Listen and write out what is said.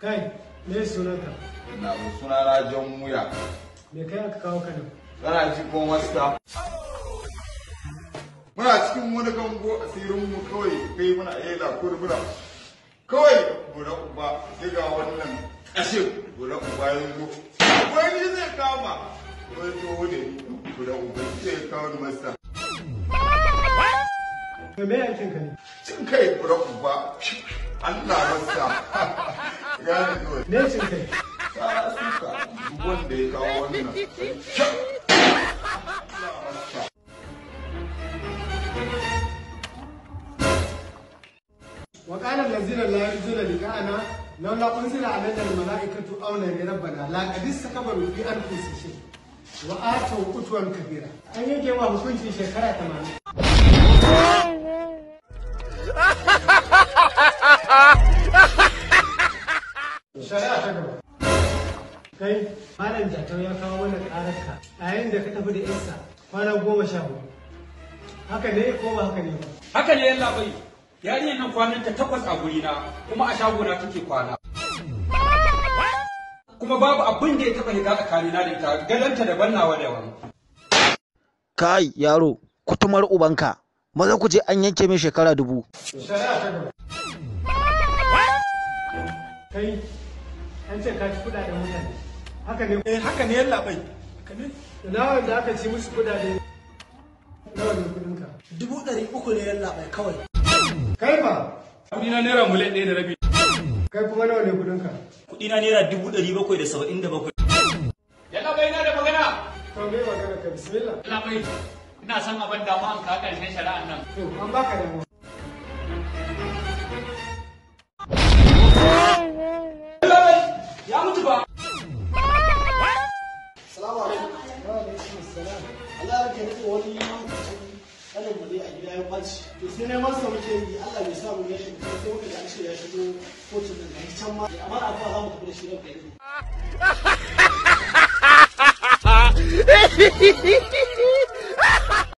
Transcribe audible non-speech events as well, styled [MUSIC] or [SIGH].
Kai, me sunanka? Ina mu suna na jan wuya. Me kai aka kawo ka nan? Kana ji ko masta? Muna cikin wani gango tsirin mu kawai kai muna yela kurbura. Kawai bura uba sai ga wannan kashin bura uba ya zo. Wani zai kama. Wani to ne bura uba zai kawo masta. Me yankin ka ne? Cin kai bura uba. Allah masta. gane kawai ne ce kai tsara suka duk wanda ya kawo wannan وقال الذين لا يرجون لقاءنا لولا انزل علينا الملائكه او نري ربنا لقد استكبروا في انفسهم واتوا قتوا كبيرا ان يجي ما حكمتي شكرا 80 kai malam jatau ya kawo mana ƙararka yayin da ka tafi da isa kwana goma sha hudu haka ne ko ba haka ne ba haka ne yalla bai yarinyar nan kwanan ta takwas a gurina kuma a shagona take kwana kuma babu abin da ya taɓa shiga tsakanina da ita galanta ban nawa da wani kai yaro kutumar ubanka maza ku je an yanke min shekara dubu kai an ce ka ci kuɗaɗen mutane haka ne eh haka ne labai haka ne nawa da aka ci musu kudade nawa ne kudinka. dubu ɗari uku ne labai kawai kai fa kudi naira miliyan ɗaya da rabi kai kuma nawa ne kudinka. ka naira dubu ɗari bakwai da saba'in da bakwai yalla bai na da magana to me magana ka bismillah yalla bai ina son abin damu an ka ƙarshen shari'an nan to an baka damuwa ake rike wani lokacin kanin mu a gida ya ɓaci to sai neman sa muke yi Allah bai sa mu ya shigo sai muka ga shi ya shigo kotun nan ga can ma amma a kuma za mu tafi da shi ran kai [LAUGHS]